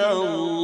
الله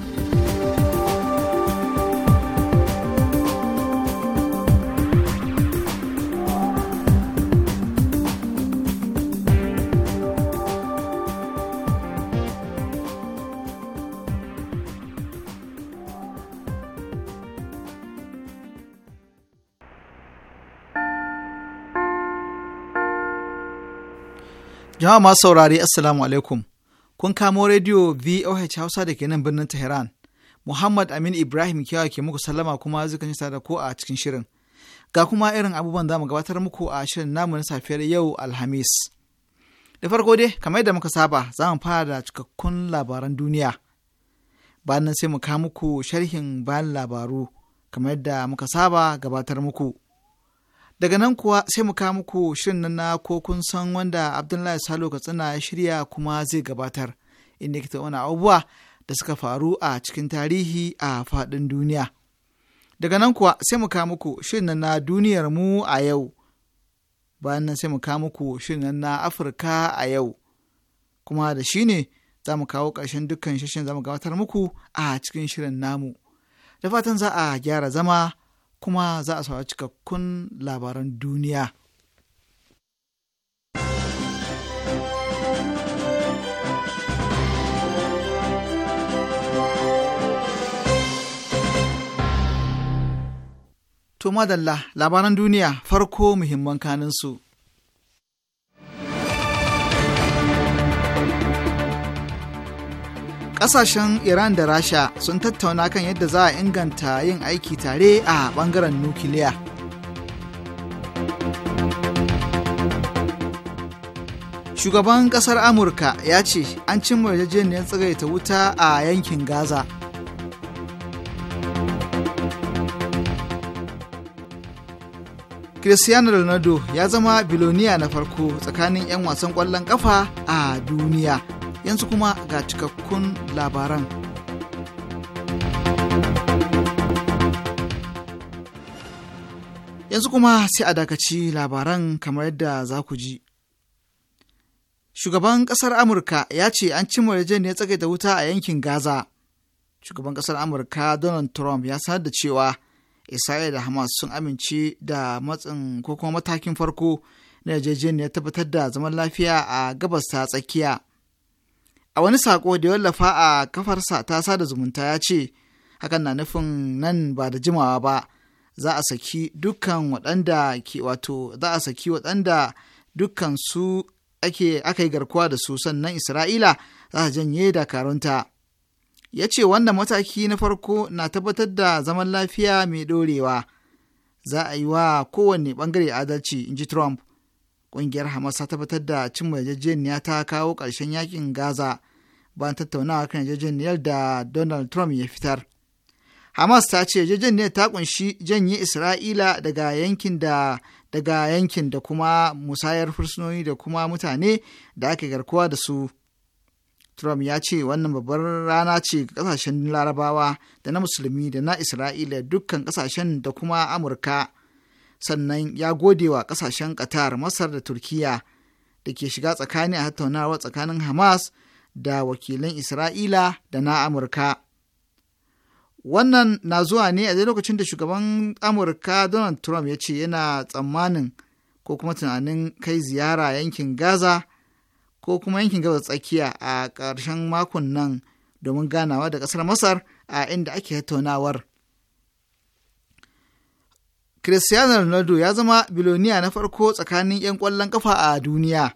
Jama'a masu saurare Assalamu alaikum. Kun kamo rediyo VOH Hausa da ke nan birnin Tehran. Muhammad Amin Ibrahim Kiyawa ke muku sallama kuma zikan nisa da ko a cikin shirin. Ga kuma irin abubuwan za mu gabatar muku a shirin namu na safiyar yau Alhamis. Da farko dai, kamar yadda muka saba, za mu fara da cikakkun labaran duniya. Bayan nan sai mu kawo muku sharhin bayan labaru, kamar yadda muka saba gabatar muku. Daga nan kuwa sai mu kawo muku shirin nan na ko kun san wanda Abdullahi Salo Katsina ya shirya kuma zai gabatar inda ke tauna abubuwa da suka faru a cikin tarihi a faɗin duniya. Daga nan kuwa sai mu kawo muku shirin nan na duniyar mu a yau. Bayan nan sai mu kawo muku shirin nan na Afirka a yau. Kuma da shi ne za mu kawo ƙarshen dukkan shirin za mu gabatar muku a cikin shirin namu. Da fatan za a gyara zama kuma za a saurari cikakkun labaran duniya. To madalla labaran duniya farko muhimman kaninsu. Ƙasashen Iran da Rasha sun tattauna kan yadda za a inganta yin aiki tare a ɓangaren nukiliya. Shugaban ƙasar Amurka ya ce an cimma yarjejeniyar tsagaita wuta a yankin Gaza. Cristiano Ronaldo ya zama biloniya na farko tsakanin 'yan wasan ƙwallon ƙafa a duniya. yanzu kuma ga cikakkun labaran yanzu kuma sai a dakaci labaran kamar yadda za ku ji shugaban ƙasar amurka ya ce an cimma ya tsagaita wuta a yankin gaza shugaban ƙasar amurka donald trump ya sanar da cewa isra'ila da hamas sun amince da matsin ko kuma matakin farko na yarjejeniyar tabbatar da zaman lafiya a gabas ta tsakiya A wani sako da wallafa a kafarsa ta sada zumunta ya ce, hakan na nufin nan ba da jimawa ba, za a saki dukkan waɗanda ke wato za a saki waɗanda dukkan su ake aka yi garkuwa da su sannan Isra'ila za a janye dakarunta. Ya ce wannan mataki na farko na tabbatar da zaman lafiya mai ɗorewa. Za a yi wa kowane ɓangare adalci, in ji Trump. ƙungiyar hamas ta tabbatar da cin yarjejeniya ta kawo ƙarshen yakin gaza bayan tattaunawa kan yarjejeniyar da donald trump ya fitar hamas ta ce yarjejeniyar ta kunshi janye isra'ila daga yankin da daga yankin da kuma musayar fursunoni da kuma mutane da ake garkuwa da su Trump ya ce wannan babbar rana ce ga kasashen larabawa da na musulmi da na Isra'ila dukkan kasashen da kuma Amurka sannan ya gode wa ƙasashen qatar masar da turkiya da ke shiga tsakani a tattaunawa tsakanin hamas da wakilan isra'ila da na amurka wannan na zuwa ne a lokacin da shugaban amurka donald trump ya ce yana tsammanin ko kuma tunanin kai ziyara yankin gaza ko kuma yankin gabas tsakiya a ƙarshen makon nan domin ganawa da ƙasar masar a inda ake tattaunawar Cristiano Ronaldo ya zama biloniya na farko tsakanin 'yan kwallon kafa a duniya.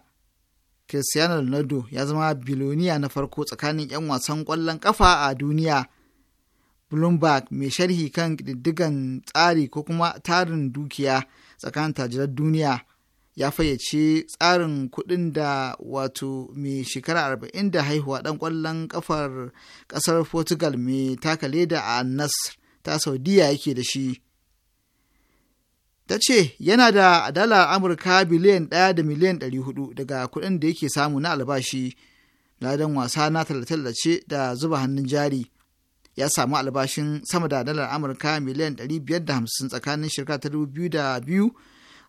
Cristiano Ronaldo ya zama biloniya na farko tsakanin 'yan wasan kwallon kafa a duniya. Bloomberg mai sharhi kan diddigan tsari ko kuma tarin dukiya tsakanin tajirar duniya ya fayyace tsarin kuɗin da wato mai shekara arba'in da haihuwa ɗan ƙwallon kafar ƙasar Portugal mai takale da a Nasr ta Saudiya yake da shi. ta ce yana da dala amurka biliyan ɗaya da miliyan ɗari hudu daga kuɗin da yake samu na albashi ladan wasa na tallace da zuba hannun jari ya samu albashin sama da dalar amurka miliyan ɗari biyar da hamsin tsakanin shekara ta dubu biyu da biyu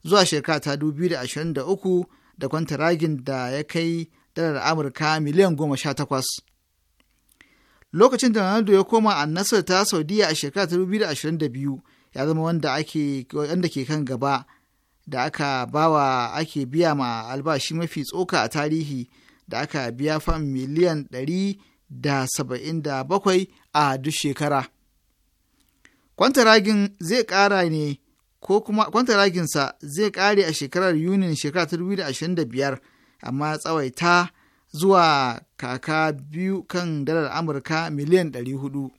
zuwa shekara ta dubu biyu da ashirin da uku da kwantaragin da ya kai dalar amurka miliyan goma sha takwas lokacin da ronaldo ya koma a nasar ta saudiya a shekara ta dubu biyu da ashirin da biyu ya zama wanda ake wanda ke kan gaba da aka bawa ake biya ma albashi mafi tsoka a tarihi da aka biya fam miliyan ɗari da saba'in da bakwai a duk shekara. Kwantaragin zai ƙara ne ko kuma kwantaraginsa zai ƙare a shekarar Yunin shekarar ta 2025 amma tsawaita zuwa kaka biyu kan dalar Amurka miliyan 400.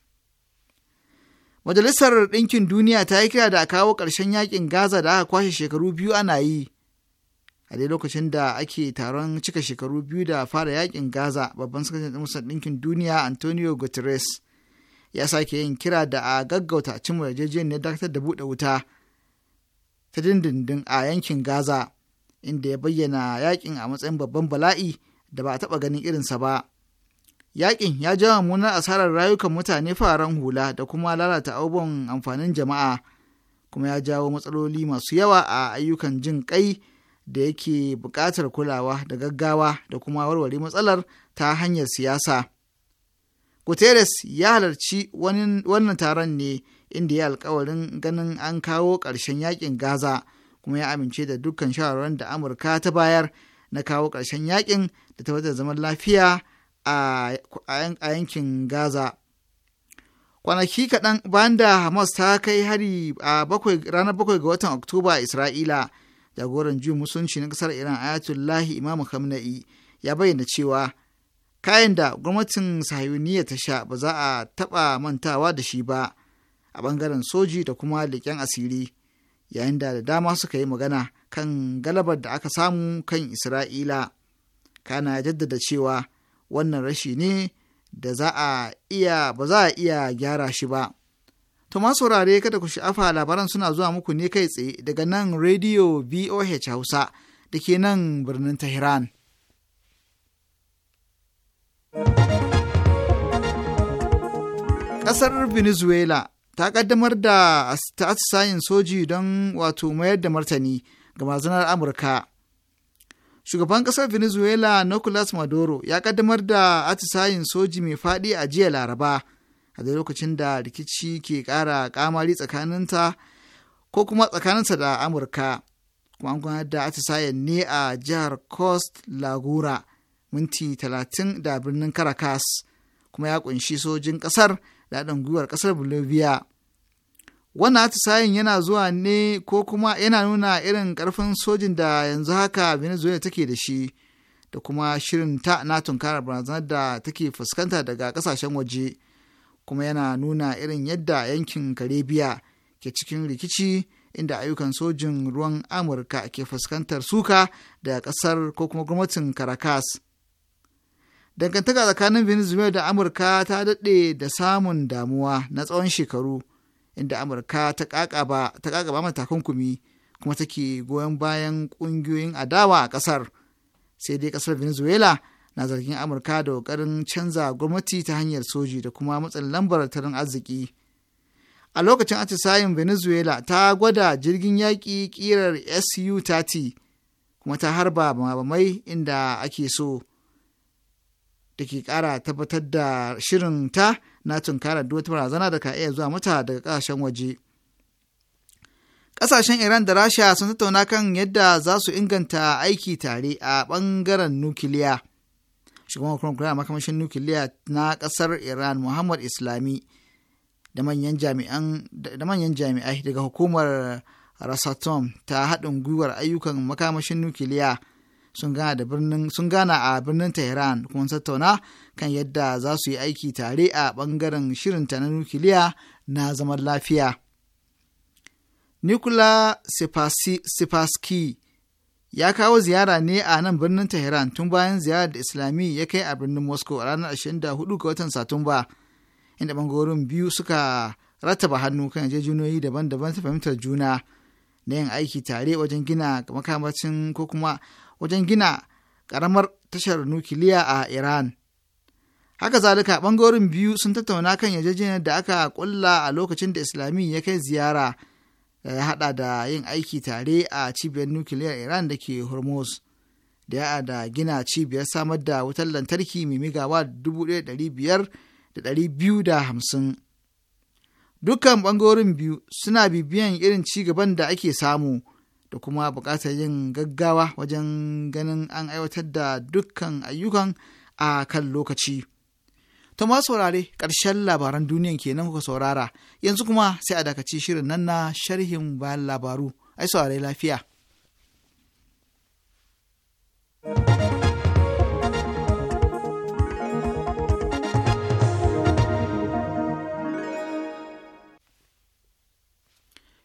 Majalisar Ɗinkin Duniya ta yi kira da a kawo ƙarshen yakin Gaza da aka kwashe shekaru biyu ana yi. A dai lokacin da ake taron cika shekaru biyu da fara yakin Gaza, babban sakataren Majalisar Ɗinkin Duniya Antonio Guterres ya sake yin kira da a gaggauta cimma ne dakatar da buɗe wuta ta dindindin a yankin Gaza, inda ya bayyana yakin a matsayin babban bala'i da ba a taɓa ganin irinsa ba. Yaƙin ya jawo mummunar asarar rayukan mutane faran hula da kuma lalata abubuwan amfanin jama'a kuma ya jawo matsaloli masu yawa a ayyukan jin kai da yake buƙatar kulawa da gaggawa da kuma warware matsalar ta hanyar siyasa. Guterres ya halarci wannan taron ne inda ya alkawarin ganin an kawo ƙarshen yakin Gaza kuma ya amince da dukkan shawarar da Amurka ta bayar na kawo ƙarshen yakin da ta zaman lafiya a yankin Gaza. Kwanaki kaɗan bayan da Hamas ta kai hari a ranar bakwai ga watan Oktoba a Isra'ila, jagoran jin musulunci na ƙasar Iran Ayatullahi Imam Khamenei ya bayyana cewa kayan da gwamnatin sahiyuniya ta sha ba za a taɓa mantawa da shi ba a ɓangaren soji da kuma leƙen asiri yayin da da dama suka yi magana kan galabar da aka samu kan isra'ila kana jaddada cewa wannan rashi ne da za a iya ba za a iya gyara shi ba. To saurare kada ku sha'afa labaran suna zuwa muku ne kai tsaye daga nan Radio boh Hausa da ke nan birnin Tehran. Ƙasar Venezuela ta ƙaddamar da ta soji don wato mayar da martani ga mazanar Amurka. Shugaban ƙasar Venezuela Nicolas Maduro ya kaddamar da atisayin soji mai faɗi a jiya Laraba, a da lokacin da rikici ke ƙara ƙamari tsakaninta ko kuma tsakaninsa da Amurka. Kuma an gudanar da atisayen ne a jihar Coast Lagura, minti talatin da birnin Caracas, kuma ya ƙunshi sojin ƙasar da haɗin gwiwar ƙasar Bolivia. wannan atisayen yana zuwa ne ko kuma yana nuna irin karfin sojin da yanzu haka venezuela take da shi da kuma shirin ta na tunkarar barazanar da take fuskanta daga kasashen waje kuma yana nuna irin yadda yankin karibiya ke cikin rikici inda ayyukan sojin ruwan amurka ke fuskantar suka da kasar ko kuma gwamnatin caracas dangantaka tsakanin venezuela da amurka ta daɗe da samun damuwa na tsawon shekaru inda amurka ta kakaba mata takunkumi kuma take goyon bayan kungiyoyin adawa a kasar. sai dai kasar venezuela na zargin amurka da ƙoƙarin canza gwamnati ta hanyar soji da kuma matsin lambar tarin arziki a lokacin atisayin venezuela ta gwada jirgin yaƙi ƙirar su-30 kuma ta harba mabamai inda ake so da ke ƙara tabbatar da shirin ta. na tunkarar duk wata barazana da ka iya zuwa mata daga ƙasashen waje. Ƙasashen Iran da Rasha sun tattauna kan yadda za su inganta aiki tare a bangaren nukiliya. Shugaban kuma a makamashin nukiliya na ƙasar Iran Muhammad Islami da manyan jami'ai daga hukumar Rasatom ta haɗin gwiwar ayyukan makamashin nukiliya sun gana a birnin Tehran kuma tattauna kan yadda za su yi aiki tare a ɓangaren shirinta na nukiliya na zaman lafiya. Nikola Sipaski ya kawo ziyara ne a nan birnin Tehran tun bayan ziyarar da Islami ya kai a birnin Moscow a ranar 24 ga watan Satumba, inda bangarorin biyu suka rattaba hannu kan juniyoyi daban-daban ta fahimtar juna na yin aiki tare wajen gina makamacin ko kuma wajen gina ƙaramar tashar nukiliya a Iran. haka zalika bangorin biyu sun tattauna kan yarjejeniyar da aka kulla a lokacin da islami ya kai ziyara da eh, ya hada da yin aiki tare a cibiyar nukiliyar iran da ke hormuz da ya da gina cibiyar samar da wutar lantarki mai migawa 1,550 dukkan bangorin biyu suna bibiyan irin ci gaban da ake samu da kuma buƙatar yin gaggawa wajen ganin an aiwatar da dukkan ayyukan a kan lokaci. To ma saurare ƙarshen labaran duniyan kenan kuka saurara yanzu kuma sai a dakaci shirin nan na sharhin bayan labaru ai saurare lafiya.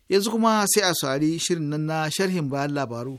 Yanzu kuma sai a saurari shirin nan na sharhin bayan labaru.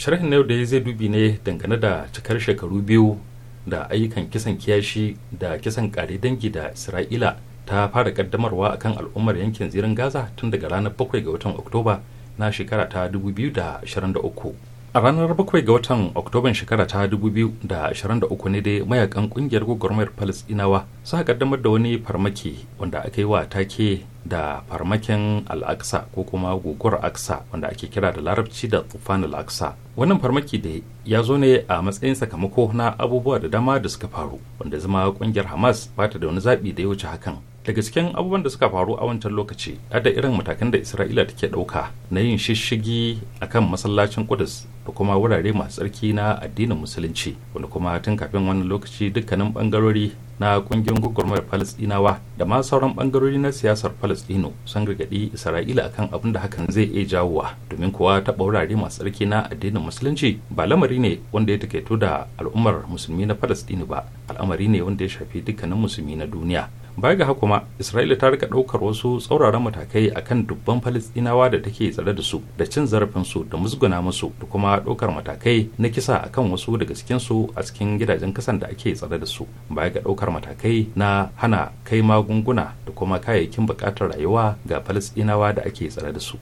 sharhin na yau da ya zai dubi ne dangane da cikar shekaru biyu da ayyukan kisan kiyashi da kisan kare dangi da isra'ila ta fara kaddamarwa akan al'ummar yankin zirin gaza tun daga ranar 7 ga watan oktoba na shekara ta 2023 a ranar bakwai ga watan oktoban shekara ta 2023 ne dai mayakan kungiyar gwagwarmayar palestinawa suka kaddamar da wani farmaki wanda aka yi wa take da farmakin al'aksa ko kuma guguwar aksa wanda ake kira da larabci da tufan al'aksa wannan farmaki da ya zo ne a matsayin sakamako na abubuwa da dama da suka faru wanda zama kungiyar hamas ba ta da wani zaɓi da ya wuce hakan daga cikin abubuwan da suka faru a wancan lokaci da irin matakan da isra'ila take ɗauka na yin shishigi a kan masallacin kudus da kuma wurare masu tsarki na addinin musulunci wanda kuma tun kafin wani lokaci dukkanin bangarori na kungiyar gwagwarmayar falastinawa da ma sauran bangarori na siyasar falastino sun gargaɗi isra'ila akan abin da hakan zai iya jawowa domin kuwa taɓa wurare masu tsarki na addinin musulunci ba lamari ne wanda ya taƙaito da al'ummar musulmi na falastini ba al'amari ne wanda ya shafi dukkanin musulmi na duniya baya ga kuma isra'ila ta rika ɗaukar wasu tsauraran matakai akan dubban falistinawa da take tsare da su da cin zarafinsu da musguna musu da kuma ɗaukar matakai na kisa akan wasu daga cikinsu a cikin gidajen kasan da ake tsare da su baya ga ɗaukar matakai na hana kai magunguna da kuma kayayyakin bukatar rayuwa ga falistinawa da ake tsare da su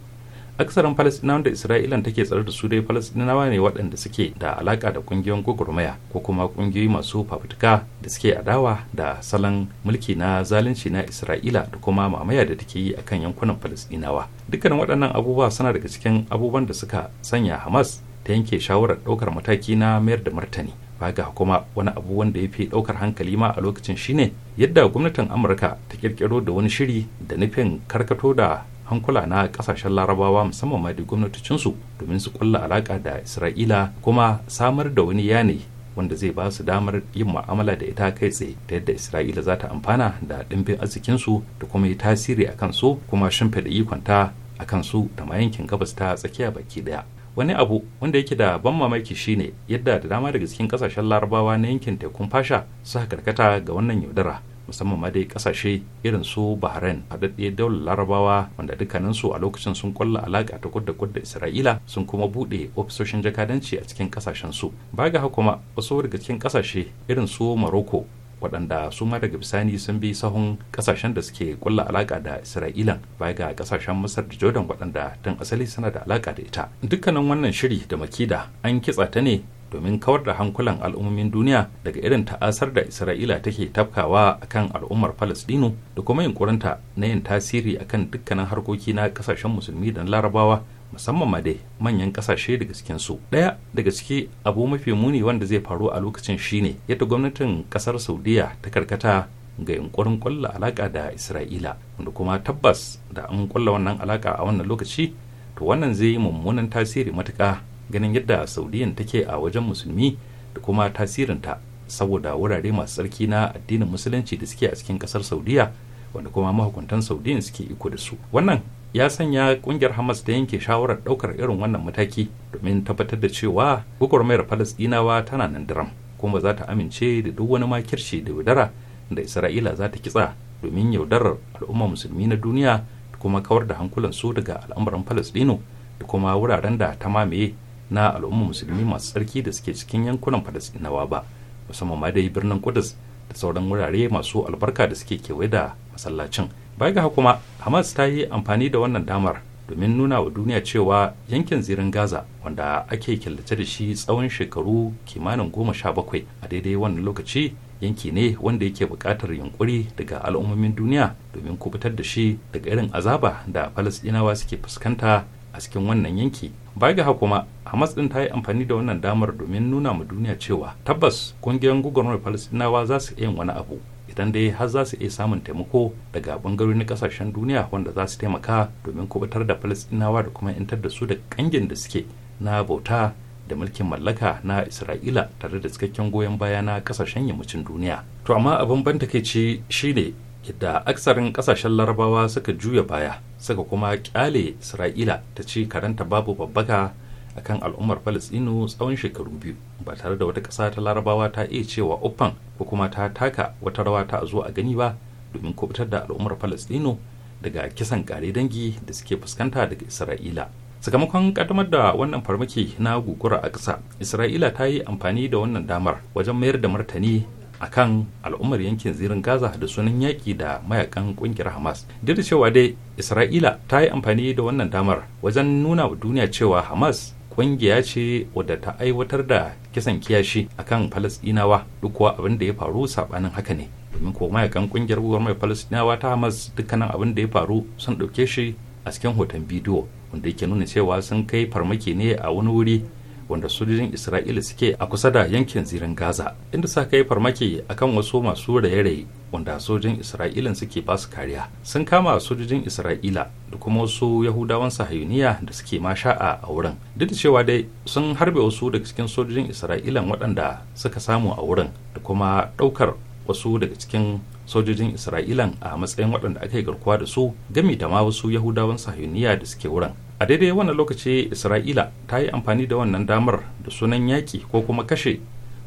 aksarin falastinawan da isra'ila take tsare da su dai falastinawa ne waɗanda suke da alaka da kungiyoyin gwagwarmaya ko kuma ƙungiyoyi masu fafutuka da suke adawa da salon mulki na zalunci na isra'ila da kuma mamaya da take yi akan yankunan falastinawa dukkanin waɗannan abubuwa suna daga cikin abubuwan da suka sanya hamas ta yanke shawarar ɗaukar mataki na mayar da martani baga kuma wani abu wanda ya fi ɗaukar hankali ma a lokacin shine yadda gwamnatin amurka ta ƙirƙiro da wani shiri da nufin karkato da hankula na kasashen larabawa musamman ma da gwamnatocinsu domin su kulla alaka da isra'ila kuma samar da wani yane wanda zai ba su damar yin mu'amala da ita kai tsaye ta yadda isra'ila za ta amfana da ɗimbin arzikinsu da kuma yi tasiri a su kuma shimfiɗa ikonta a kan su da ma yankin gabas ta tsakiya baki ɗaya wani abu wanda yake da ban mamaki shine yadda da dama daga cikin kasashen larabawa na yankin tekun fasha suka karkata ga wannan yaudara musamman ma dai kasashe irin su bahrain haɗaɗɗiyar daular larabawa wanda su a lokacin sun kwalla alaƙa ta kudda kudda isra'ila sun kuma buɗe ofisoshin jakadanci a cikin kasashen su ba ga kuma wasu daga cikin kasashe irin su maroko waɗanda su ma daga bisani sun bi sahun kasashen da suke kulla alaƙa da isra'ilan ba ga kasashen masar da jordan waɗanda tun asali suna da alaƙa da ita dukkanin wannan shiri da makida an kitsa ta ne domin kawar da hankulan al'ummomin duniya daga irin ta'asar da isra'ila take tafkawa akan al'ummar falastinu da kuma yunkurinta na yin tasiri akan dukkanin harkoki na kasashen musulmi da larabawa musamman ma dai manyan kasashe daga cikin su daya daga ciki abu mafi muni wanda zai faru a lokacin shine yadda gwamnatin kasar saudiya ta karkata ga yunkurin kulla alaka da isra'ila wanda kuma tabbas da an kulla wannan alaka a wannan lokaci to wannan zai yi mummunan tasiri matuka ganin yadda saudiyan take a wajen musulmi da kuma tasirinta saboda wurare masu tsarki na addinin musulunci da suke a cikin kasar saudiya wanda kuma mahukuntan saudiyan suke iko da su wannan ya sanya kungiyar hamas ta yanke shawarar ɗaukar irin wannan mataki domin tabbatar da cewa gwagwarmayar Falasɗinawa tana nan daram kuma za ta amince da duk wani makirci da yaudara da isra'ila za ta kitsa domin yaudarar al'ummar musulmi na duniya da kuma kawar da hankulansu daga al'amuran falasdino da kuma wuraren da ta mamaye na al'ummar musulmi masu tsarki da suke cikin yankunan falasɗinawa ba musamman ma dai birnin kudus da sauran wurare masu albarka da suke kewaye da masallacin baya ga kuma hamas ta yi amfani da wannan damar domin nuna wa duniya cewa yankin zirin gaza wanda ake killace da shi tsawon shekaru kimanin goma sha bakwai a daidai wannan lokaci yanki ne wanda yake buƙatar yunƙuri daga al'ummomin duniya domin kubutar da shi daga irin azaba da falasɗinawa suke fuskanta a cikin wannan yanki bai ga kuma hamas din ta yi amfani da wannan damar domin nuna ma duniya cewa tabbas kungiyoyin gugunar falastinawa za su yin wani abu idan dai har za su iya samun taimako daga na kasashen duniya wanda za su taimaka domin kubutar da falastinawa da kuma yantar da su da kangin da suke na bauta da mulkin mallaka na isra'ila tare da cikakken goyon baya na kasashen yammacin duniya to amma abin ban takaici shine yadda aksarin kasashen larabawa suka juya baya suka kuma kyale isra'ila ta ci karanta babu babbaka a kan al'ummar falastinu tsawon shekaru biyu ba tare da wata ƙasa ta larabawa ta iya cewa uffan ko kuma ta taka wata rawa ta zo a gani ba domin kubutar da al'ummar falastinu daga kisan kare dangi da suke fuskanta daga isra'ila sakamakon kaddamar da wannan farmaki na gugura a ƙasa isra'ila ta yi amfani da wannan damar wajen mayar da martani akan al'ummar yankin zirin gaza da sunan yaƙi da mayakan ƙungiyar hamas duk da cewa dai isra'ila ta yi amfani da wannan damar wajen nuna wa duniya cewa hamas ƙungiya ce wadda ta aiwatar da kisan kiyashi akan falasɗinawa duk kuwa abin da ya faru saɓanin haka ne domin ko mayakan ƙungiyar mai falasɗinawa ta hamas dukkanin abin da ya faru sun ɗauke shi a cikin hoton bidiyo wanda yake nuna cewa sun kai farmaki ne a wani wuri wanda sojojin isra'ila suke a kusa da yankin zirin gaza inda sa kai farmaki akan wasu masu raye-raye wanda sojojin isra'ilan suke ba su kariya sun kama sojojin isra'ila da kuma wasu yahudawan sahayuniya da suke sha'a a wurin duk da cewa dai sun harbe wasu daga cikin sojojin isra'ilan waɗanda suka samu a wurin da kuma ɗaukar wasu daga cikin sojojin isra'ilan a matsayin waɗanda aka yi garkuwa da su gami da ma wasu yahudawan sahayuniya da suke wurin a daidai wannan lokaci isra'ila ta yi amfani da wannan damar da sunan yaƙi ko kuma kashe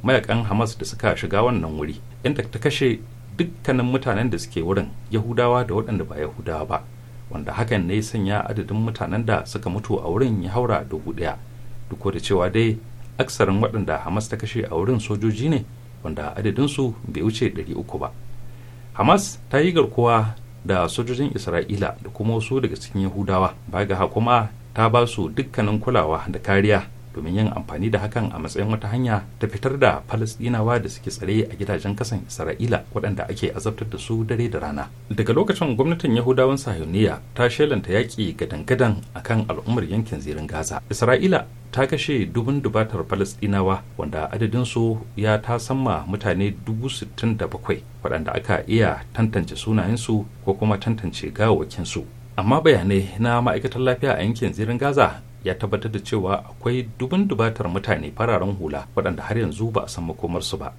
mayakan hamas da suka shiga wannan wuri inda ta kashe dukkanin mutanen da suke wurin yahudawa da waɗanda ba yahudawa ba wanda hakan ne sanya adadin mutanen da suka mutu a wurin ya haura dubu ɗaya duk da cewa dai aksarin waɗanda hamas ta kashe a wurin sojoji ne wanda adadinsu bai wuce ɗari uku ba hamas ta yi garkuwa da sojojin isra'ila da kuma wasu daga cikin yahudawa ba ga kuma ta ba su dukkanin kulawa da kariya domin yin amfani da hakan a matsayin wata hanya ta fitar da falasdinawa da suke tsare a gidajen kasan isra'ila waɗanda ake azabtar da su dare da rana daga lokacin gwamnatin yahudawan sahiyoniya ta shelanta yaƙi gadan-gadan a kan al'ummar yankin zirin gaza isra'ila ta kashe dubun dubatar falasdinawa wanda adadinsu ya ta samma mutane dubu sittin da bakwai waɗanda aka iya tantance sunayensu ko kuma tantance gawakinsu amma bayanai na ma'aikatar lafiya a yankin zirin gaza ya tabbatar da cewa akwai dubin dubatar mutane fararen hula waɗanda har yanzu ba a san makomarsu ba.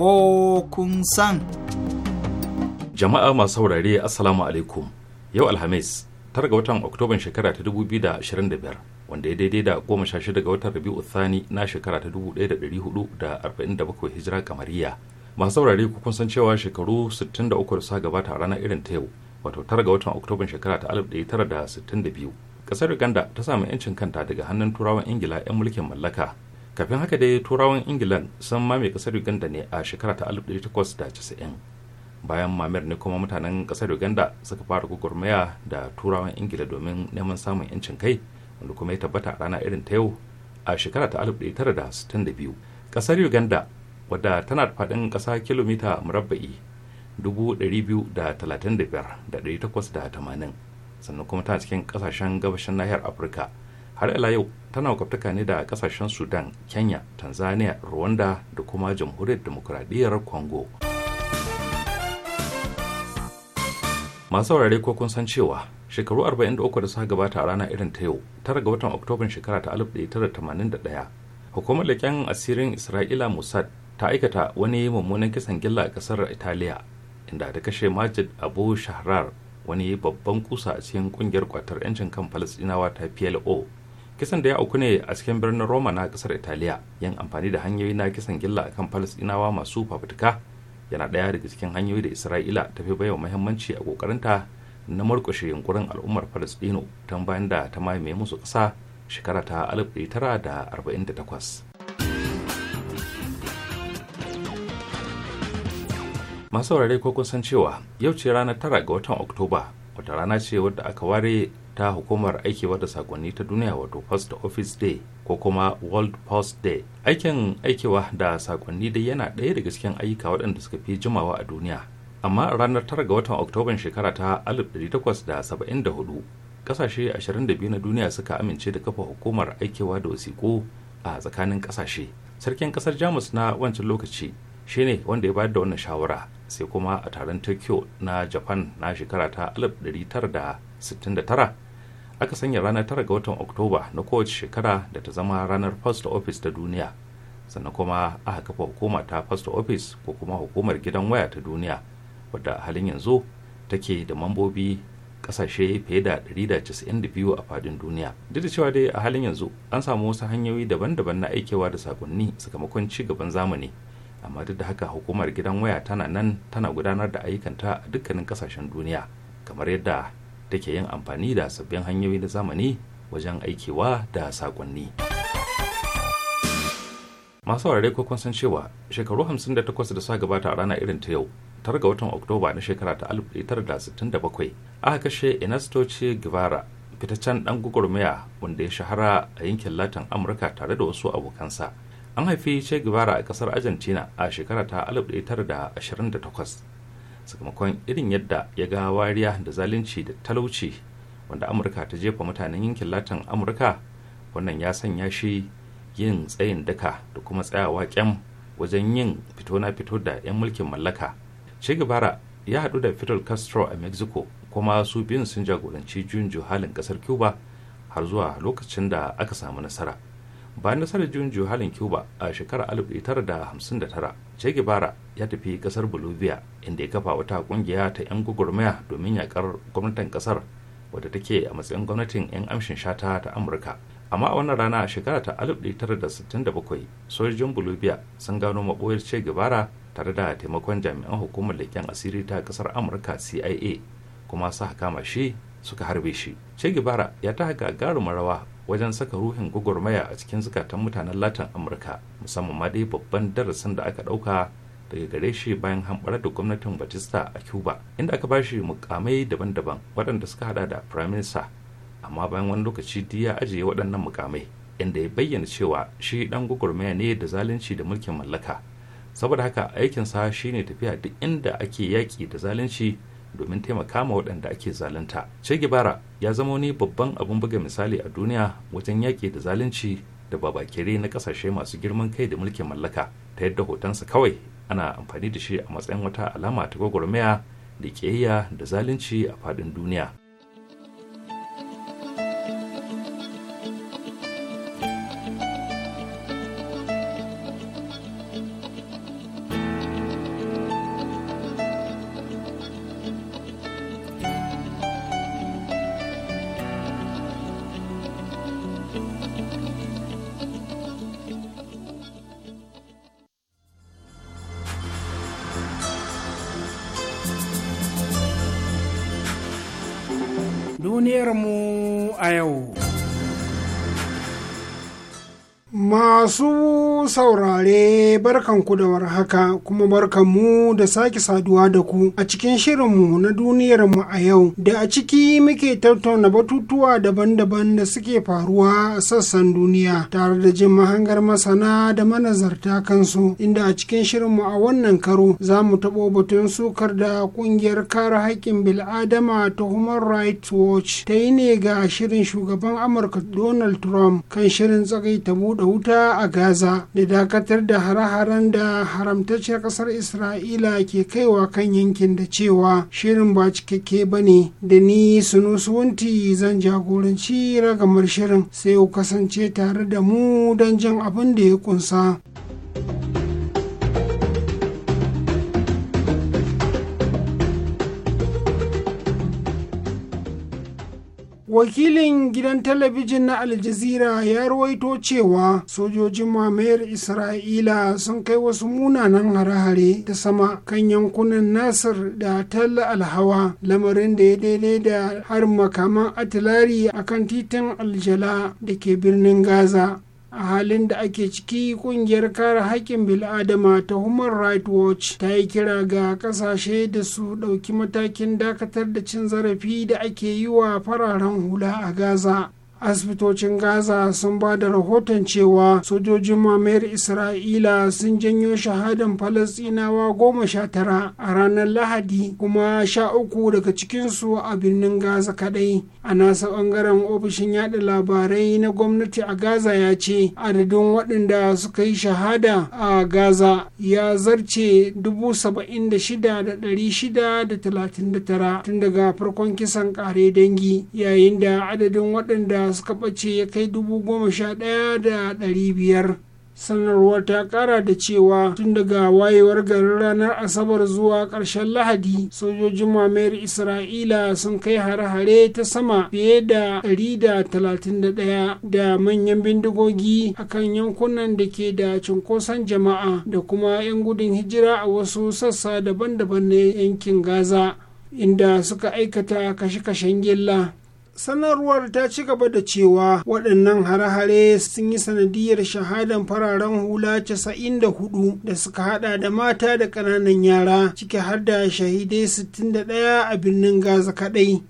Ko kun san. Jama'a masu saurare Assalamu alaikum, yau Alhamis, tara ga watan Oktoban shekara ta 2025. wanda ya daidai da goma sha shida ga watan rabi'u thani na shekara ta dubu ɗaya da ɗari hudu da arba'in da bakwai hijira kamariya masu saurare ku kun san cewa shekaru sittin da uku da suka gabata a ranar irin ta yau wato tara ga watan oktoban shekara ta alif ɗaya tara da sittin da biyu ƙasar uganda ta samu 'yancin kanta daga hannun turawan ingila 'yan mulkin mallaka kafin haka dai turawan ingila sun mame ƙasar uganda ne a shekara ta alif ɗaya takwas da casa'in bayan mamayar ne kuma mutanen ƙasar uganda suka fara gwagwarmaya da turawan ingila domin neman samun 'yancin kai wanda kuma ya tabbata a rana irin ta yau a shekara ta 1962 kasar uganda wadda tana da faɗin ƙasa kilomita murabba'i 235,880 sannan kuma tana cikin ƙasashen gabashin nahiyar afirka har ila yau tana kwaftaka ne da ƙasashen sudan kenya tanzania rwanda da kuma jamhuriyar demokuraɗiyyar congo masu saurare ko kun san cewa shekaru 43 da suka gabata a rana irin ta yau tara ga watan oktoban shekara ta 1981 hukumar leƙen asirin isra'ila mossad ta aikata wani mummunan kisan gilla a kasar italiya inda ta kashe majid abu shahrar wani babban kusa a cikin kungiyar kwatar 'yancin kan falastinawa ta plo kisan da ya auku ne a cikin birnin roma na kasar italiya yin amfani da hanyoyi na kisan gilla a kan falastinawa masu fafutuka yana ɗaya daga cikin hanyoyi da isra'ila ta fi baiwa muhimmanci a kokarinta na murkushe yunkurin al'ummar falastino tun bayan da ta mamaye musu ƙasa shekara ta 1948 masu saurare ko kun san cewa yau ce ranar tara ga watan oktoba wata rana ce wadda aka ware ta hukumar aiki wadda sakonni ta duniya wato post office day ko kuma world post day aikin aikewa da sakonni dai yana ɗaya daga cikin ayyuka waɗanda suka fi jimawa a duniya amma a ranar tara ga watan oktoban shekara ta 1874 ƙasashe 22 na duniya suka amince da kafa hukumar aikewa da wasiƙu a tsakanin ƙasashe sarkin ƙasar jamus na wancan lokaci shine wanda ya bayar da wannan shawara sai kuma a taron tokyo na japan na shekara ta 1969 aka sanya ranar tara ga watan oktoba na kowace shekara da ta zama ranar post office ta duniya sannan kuma aka kafa hukuma ta post office ko kuma hukumar gidan waya ta duniya wadda halin yanzu take da mambobi kasashe fiye da 192 a fadin duniya duk da cewa dai a halin yanzu an samu wasu hanyoyi daban-daban na aikewa da sakonni sakamakon ci gaban zamani amma duk da haka hukumar gidan waya tana nan tana gudanar da ayyukanta a dukkanin kasashen duniya kamar yadda da ke yin amfani da sabbin hanyoyi na zamani wajen aikewa da sakonni. masu saurare ko san cewa shekaru 58 da suka gabata a rana irin ta yau tare ga watan oktoba na shekara ta 1967 aka kashe inastoci guevara fitaccen dan gugurmaya wanda ya shahara a yankin latin amurka tare da wasu abokansa an haifi che guevara a kasar argentina a shekara ta 1928 sakamakon irin yadda ya ga wariya da zalunci da talauci wanda amurka ta jefa mutanen yankin latin amurka wannan ya sanya shi yin tsayin daka da kuma tsayawa kyam wajen yin fito na fito da 'yan mulkin mallaka che guevara ya hadu da fidel castro a mexico kuma su biyun sun jagoranci juyin juhalin kasar cuba har zuwa lokacin da aka samu nasara bayan nasarar juyin halin cuba a shekarar 1959 che guevara ya tafi kasar bolivia inda ya kafa wata kungiya ta 'yan gwagwarmaya domin yakar gwamnatin kasar wadda take a matsayin gwamnatin 'yan amshin shata ta amurka amma a wannan rana a shekara ta 1967 sojojin bolivia sun gano maboyar che guevara tare da taimakon jami'an hukumar leƙen asiri ta kasar amurka cia kuma sa kama shi suka harbe shi che guevara ya ta haka gagarumin rawa wajen saka ruhin gwagwarmaya a cikin zukatan mutanen latin amurka musamman ma dai babban darasin da aka ɗauka daga gare shi bayan hamɓar da gwamnatin batista a cuba inda aka bashi mukamai daban-daban waɗanda suka hada da firaminista amma bayan wani lokaci ya ajiye waɗannan mukamai inda ya bayyana cewa shi ɗan gwagwarmaya ne da zalunci da mulkin mallaka saboda haka aikinsa shine tafiya duk inda ake yaƙi da zalunci domin taimaka ma waɗanda ake zalunta. Che Guevara ya zama wani babban abun buga misali a duniya wajen yaƙi da zalunci da babakere na ƙasashe masu girman kai da mulkin mallaka ta yadda hotonsa kawai ana amfani da shi a matsayin wata alama ta gwagwarmaya da ƙiyayya da zalunci a faɗin duniya. saurare barkanku da warhaka kuma barkanmu da sake saduwa da ku a cikin shirinmu na duniyarmu a yau da a ciki muke tattauna batutuwa daban-daban da suke faruwa a sassan duniya tare da jin mahangar masana da manazarta kansu inda a cikin shirinmu a wannan karo za mu taɓo batun sukar da ƙungiyar kare haƙƙin bil'adama ta human rights watch ta yi ne ga shirin shugaban amurka donald trump kan shirin tsagaita buɗe wuta a gaza da dakatar da har hare-haren da haramtacciyar ƙasar isra'ila ke kaiwa kan yankin da cewa shirin ba cikakke ba ne da ni sunusuwanti zan jagoranci ragamar shirin sai ku kasance tare da mu don jin abin da ya kunsa. wakilin gidan talabijin na aljazira ya ruwaito cewa sojojin mamayar isra'ila sun kai wasu munanan hare-hare ta sama kan yankunan nasir da tal alhawa lamarin da ya daidai da har makaman atilari akan titin aljala da ke birnin gaza a halin da ake ciki kungiyar kare haƙƙin bil'adama ta human rights watch ta yi kira ga ƙasashe da su ɗauki matakin dakatar da cin zarafi da ake yi wa fararen hula a gaza asibitocin gaza sun ba da rahoton cewa sojojin mamayar isra'ila sun janyo shahadan falasinawa goma sha tara a ranar lahadi kuma sha uku daga cikinsu a birnin gaza kadai a nasa bangaren ofishin yada labarai na gwamnati a gaza ya ce adadin waɗanda suka yi shahada a gaza ya zarce dubu saba'in da shida da ɗari shida da talatin da tara tun daga farkon kisan ƙare dangi yayin da adadin waɗanda da suka ɓace ya kai dubu goma sha ɗaya da ɗari biyar sanarwar ta kara da cewa tun daga wayewar garin ranar asabar zuwa ƙarshen lahadi sojojin mamayar isra'ila sun kai hare-hare ta sama fiye da 131 da manyan bindigogi a kan yankunan da ke da cunkoson jama'a da kuma 'yan gudun hijira a wasu sassa daban-daban na yankin gaza inda suka aikata kashe-kashen gilla sanarwar ta ci gaba da cewa waɗannan hare-hare sun yi sanadiyar shahadan fararen hula 94 da suka hada da mata da ƙananan yara ciki har da shahidai 61 a birnin gaza kaɗai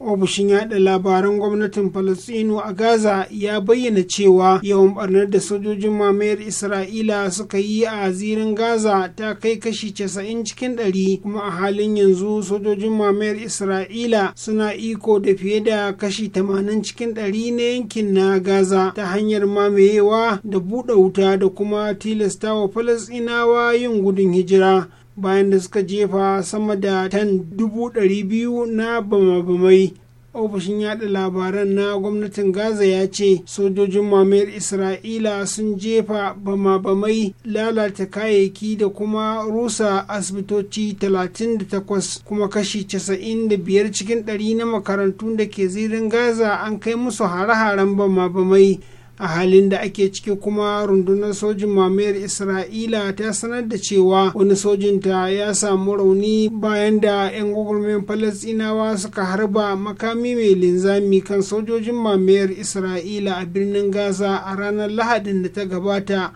ofishin yaɗa labaran gwamnatin falasino a gaza ya bayyana cewa yawan ɓarnar da sojojin mamayar isra'ila suka yi a zirin gaza ta kai kashi 90 cikin ɗari, kuma a halin yanzu sojojin mamayar isra'ila suna iko da fiye da kashi 80 cikin 100 na yankin na gaza ta hanyar mamayewa da buɗe wuta da kuma tilastawa falasinawa yin gudun hijira bayan da suka jefa sama da tan dubu ɗari biyu na bama-bamai ofishin yaɗa labaran na gwamnatin gaza ya ce sojojin mamayar isra'ila sun jefa bama-bamai lalata kayayyaki da kuma rusa asibitoci 38 kuma kashi 95 cikin 100 na makarantun da ke zirin gaza an kai musu hare-haren bama-bamai a halin da ake ciki kuma rundunar sojin mamayar isra'ila ta sanar da cewa wani sojinta ya samu rauni bayan da 'yan gwagwarmayar falasinawa suka harba makami mai linzami kan sojojin mamayar isra'ila a birnin gaza a ranar lahadin da ta gabata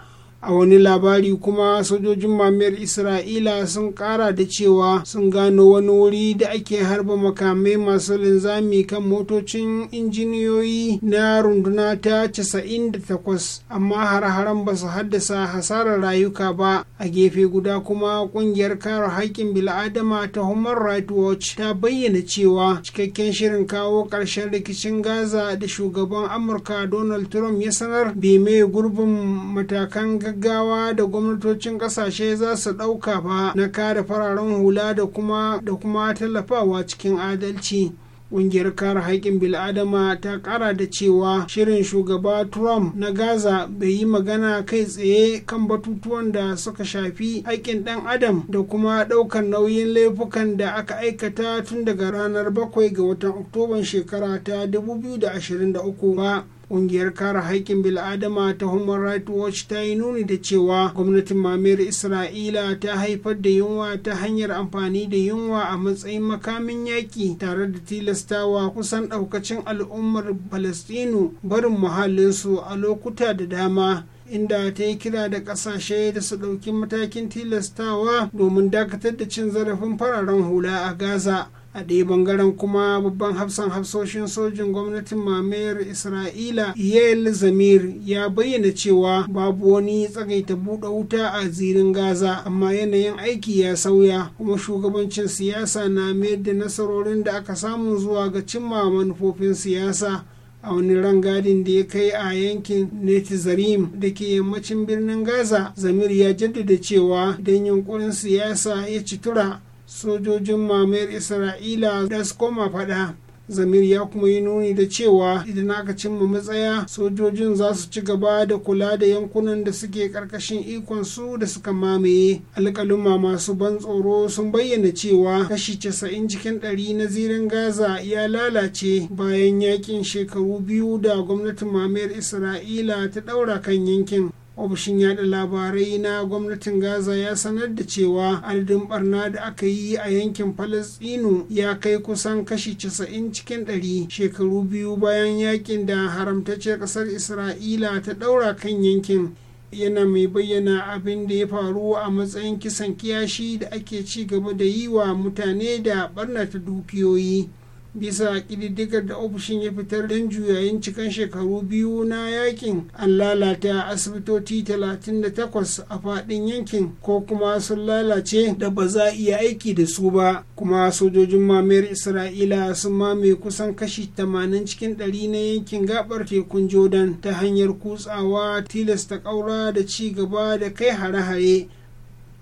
a wani labari kuma sojojin mamiyar isra'ila sun kara da cewa sun gano wani wuri da ake harba makamai masu linzami kan motocin injiniyoyi na runduna ta 98 amma har-haren ba su haddasa hasarar rayuka ba a gefe guda kuma kungiyar kare haƙƙin bil'adama ta human rights watch ta bayyana cewa cikakken shirin kawo ƙarshen rikicin gaza da shugaban amurka donald trump ya sanar bai mai gurbin matakan gaggawa da gwamnatocin kasashe za su ɗauka ba na kare fararen hula da kuma da kuma tallafawa cikin adalci Ƙungiyar kare haƙƙin bil'adama ta ƙara da cewa shirin shugaba Trump na Gaza bai yi magana kai tsaye kan batutuwan da suka shafi haƙƙin ɗan adam da kuma ɗaukar nauyin laifukan da aka aikata tun daga ranar 7 ga watan Oktoban shekara ta 2023 ba. kungiyar kare haƙƙin bil'adama ta human rights watch ta yi nuni da cewa gwamnatin mamayar isra'ila ta haifar da yunwa ta hanyar amfani da yunwa a matsayin makamin yaƙi tare da tilastawa kusan ɗaukacin al'ummar palestinu barin muhallinsu a lokuta da dama inda ta yi kira da ƙasashe da su ɗauki matakin tilastawa domin dakatar da cin zarafin fararen hula a gaza a ɗaya bangaren kuma babban hafsan hafsoshin sojin gwamnatin mamayar isra'ila yael zamir ya bayyana cewa babu wani tsagaita buɗe wuta a zirin gaza amma yanayin aiki ya sauya kuma shugabancin siyasa na mayar da nasarorin da aka samu zuwa ga cimma manufofin siyasa a wani rangadin da ya kai a yankin netizarim da ke yammacin birnin gaza zamir ya jaddada cewa don yunkurin siyasa ya citura sojojin mamayar isra'ila da su koma fada zamir ya kuma yi nuni da cewa idan aka cimma matsaya sojojin za su ci gaba da kula da yankunan da suke karkashin ikon su da suka mamaye alkaluma masu ban tsoro sun bayyana cewa kashi casa'in cikin ɗari na zirin gaza ya lalace bayan yakin shekaru biyu da gwamnatin mamayar isra'ila ta ɗaura kan yankin ofishin yada labarai na gwamnatin gaza ya sanar da cewa adadin barna da aka yi a yankin falasdino ya kai kusan kashi 90 cikin 100 shekaru biyu bayan yakin da haramtacciyar kasar isra'ila ta daura kan yankin yana mai bayyana abin da ya faru a matsayin kisan kiyashi da ake ci gaba da yi wa mutane da ta dukiyoyi bisa ƙididdigar da ofishin ya fitar don juyayin cikin shekaru biyu na yakin an lalata asibitoci 38 a faɗin yankin ko kuma sun lalace da ba za iya aiki da su ba kuma sojojin mamayar isra'ila sun mame kusan kashi 80 cikin 100 na yankin gabar tekun jordan ta hanyar kutsawa tilasta ƙaura da ci gaba da kai hare-hare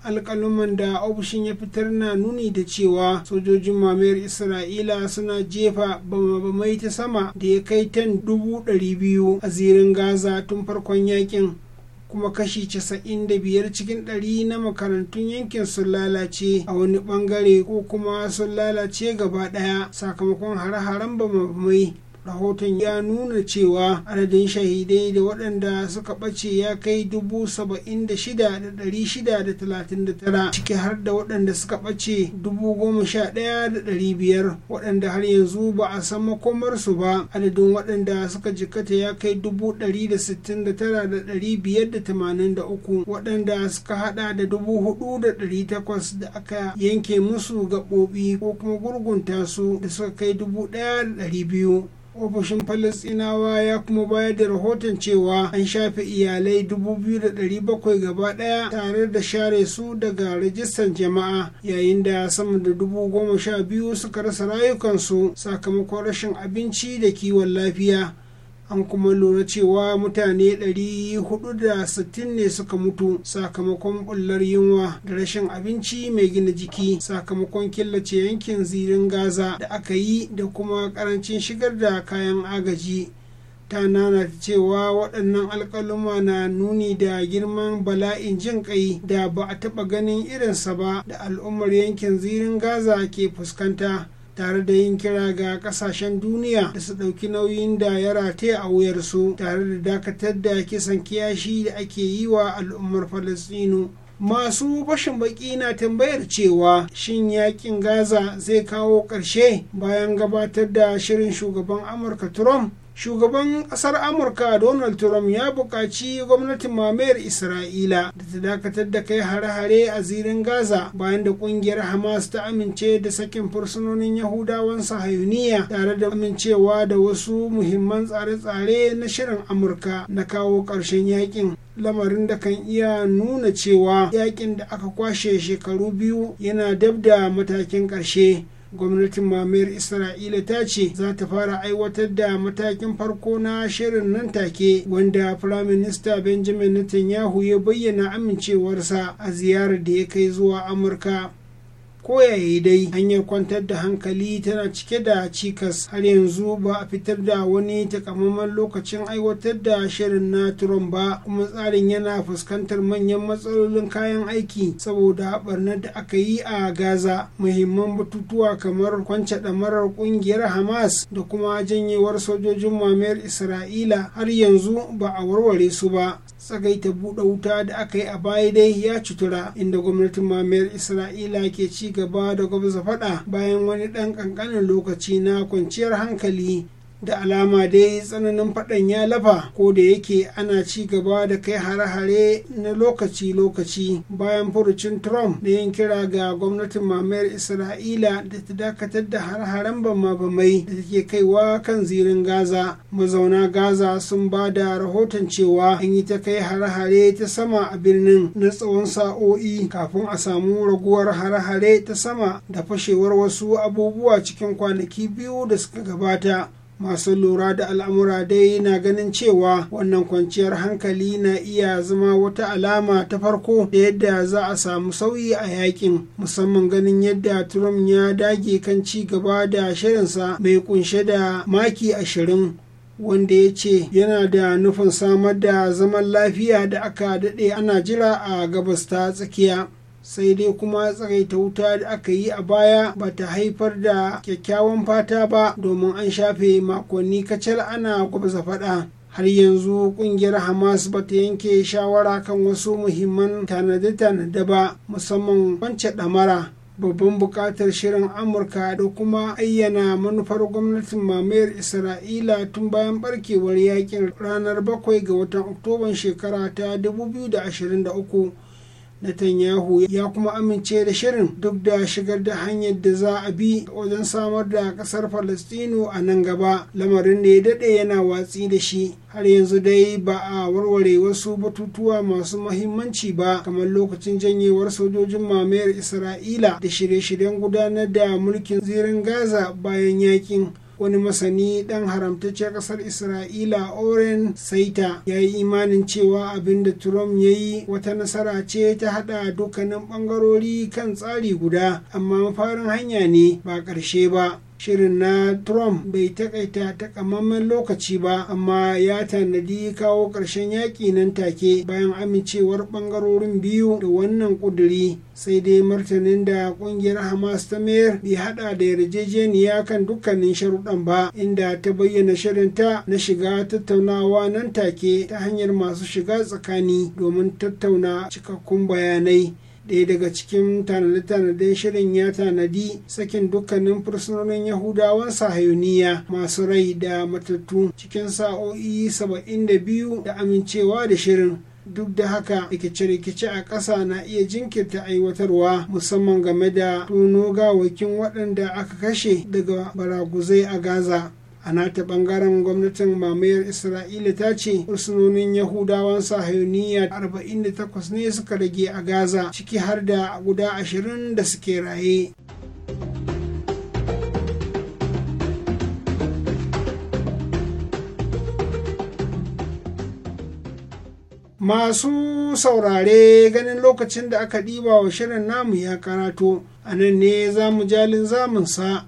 alkaluman da ofishin ya fitar na nuni da cewa sojojin mamayar isra'ila suna jefa bamabamai ta sama da ya kai tan dubu ɗari biyu a zirin gaza tun farkon yakin kuma kashi casa'in da biyar cikin ɗari na makarantun yankin sun lalace a wani bangare ko kuma sun lalace gaba ɗaya sakamakon hare-haren bamabamai rahoton ya nuna cewa adadin shahidai da waɗanda suka ɓace ya kai dubu saba'in da shida da ɗari shida da talatin da tara ciki har da waɗanda suka ɓace dubu goma sha ɗaya da ɗari biyar waɗanda har yanzu ba a san makomarsu ba adadin waɗanda suka jikkata ya kai dubu ɗari da sittin da tara da ɗari biyar da tamanin da uku waɗanda suka haɗa da dubu hudu da ɗari takwas da aka yanke musu gaɓoɓi ko kuma gurgunta su da suka kai dubu ɗaya da ɗari biyu ofishin falasinawa ya kuma bayar da rahoton cewa an shafe iyalai 2,700 gaba daya tare da share su daga rajistan jama'a yayin da sama da biyu suka rasa rayukansu sakamakon rashin abinci da kiwon lafiya an kuma lura cewa mutane 460 ne suka mutu sakamakon bullar yunwa da rashin abinci mai gina jiki sakamakon killace yankin zirin gaza da aka yi da kuma karancin shigar da kayan agaji ta nana cewa waɗannan alƙaluma na nuni da girman bala'in jin ƙai da ba a taɓa ganin irinsa ba da al'ummar yankin zirin gaza ke fuskanta tare da yin kira ga kasashen duniya da su ɗauki nauyin da ya rataya a wuyar su. tare da dakatar da kisan kiyashi da ake yi wa al'ummar falastinu masu bashin baki na tambayar cewa shin yakin gaza zai kawo ƙarshe bayan gabatar da shirin shugaban amurka trump shugaban ƙasar amurka donald trump ya buƙaci gwamnatin mamayar isra'ila da ta dakatar da kai hare-hare a zirin gaza bayan da ƙungiyar hamas ta amince da sakin fursunonin yahudawan sahayuniya tare da amincewa da wasu muhimman tsare-tsare na shirin amurka na kawo ƙarshen yakin lamarin da kan iya nuna cewa yakin da aka kwashe shekaru biyu yana dab da matakin ƙarshe gwamnatin mamayar isra'ila ta ce za ta fara aiwatar da matakin farko na shirin nan take wanda firaminista benjamin netanyahu ya bayyana amincewarsa a ziyarar da ya kai zuwa amurka koyaye dai hanyar kwantar da hankali tana cike da cikas har yanzu ba a fitar da wani takamaiman lokacin aiwatar da shirin na trump ba kuma tsarin yana fuskantar manyan matsalolin kayan aiki saboda barnar da aka yi a gaza muhimman batutuwa kamar kwance ɗamarar ƙungiyar hamas da kuma janyewar sojojin mamayar isra'ila har yanzu ba a warware su ba tsagaita buɗe wuta da aka yi a baya dai ya cutura inda gwamnatin mamayar isra'ila ke ci gaba da gwamnati faɗa bayan wani ɗan ƙanƙanin lokaci na kwanciyar hankali da alama dai tsananin faɗan ya lafa ko da yake ana ci gaba da kai hare-hare na lokaci-lokaci bayan furucin trump da yin kira ga gwamnatin mamayar isra'ila da ta dakatar da hare-haren bama-bamai da take kaiwa kan zirin gaza mazauna gaza sun ba da rahoton cewa an yi ta kai hare-hare ta sama a birnin na tsawon sa'o'i kafin a samu raguwar hare-hare ta sama da fashewar wasu abubuwa cikin kwanaki biyu da suka gabata masu lura da al'amura dai na ganin cewa wannan kwanciyar hankali na iya zama wata alama ta farko da yadda za a samu sauyi a yakin musamman ganin yadda trump ya dage kan ci gaba da shirinsa mai kunshe da maki ashirin wanda ya ce yana da nufin samar da zaman lafiya da aka daɗe ana jira a gabas ta tsakiya sai dai kuma tsagaita wuta da aka yi a baya ba ta haifar da kyakkyawan fata ba domin an shafe makonni kacal ana gwabza faɗa har yanzu kungiyar hamas ba ta yanke shawara kan wasu muhimman tanade-tanade ba musamman kwance ɗamara babban buƙatar shirin amurka da kuma ayyana manufar gwamnatin mamayar isra'ila tun bayan barkewar yakin ranar bakwai ga watan oktoban shekara ta 2023 Netanyahu ya kuma amince da shirin duk da shigar da hanyar da za a bi wajen samar da kasar Falastinu a nan gaba lamarin ne ya daɗe yana watsi da shi har yanzu dai ba a warware wasu batutuwa masu mahimmanci ba kamar lokacin janyewar sojojin mamayar Isra'ila da shirye-shiryen gudanar da mulkin zirin Gaza bayan yakin wani masani dan haramtacciyar kasar isra'ila oren saita ya yi imanin cewa abin da trump ya yi wata nasara ce ta hada dukkanin bangarori kan tsari guda amma mafarin hanya ne ba ƙarshe ba shirin na trump bai takaita takamaiman lokaci ba amma ya tanadi kawo ƙarshen yaƙi nan take bayan amincewar ɓangarorin biyu da wannan ƙuduri sai dai martanin da ƙungiyar hamas ta mayar bai haɗa da yarjejeniya kan dukkanin sharuɗan ba inda ta bayyana shirinta na shiga tattaunawa nan take ta hanyar masu shiga tsakani domin tattauna cikakkun bayanai ɗaya daga cikin tanade tanade shirin ya tanadi sakin dukkanin fursunonin yahudawan sahayuniya masu rai da matattu cikin sa'o'i 72 da amincewa da shirin duk da haka rikice-rikice a ƙasa na iya jinkirta aiwatarwa musamman game da tono gawakin waɗanda aka kashe daga baraguzai a gaza a nata bangaren gwamnatin mamayar isra'ila ta ce fursunonin yahudawan sahayoniya 48 ne suka rage a gaza ciki har da guda 20 da suke raye masu saurare ganin lokacin da aka ɗiba wa shirin namu ya karato a nan ne zamu mu jalin zamunsa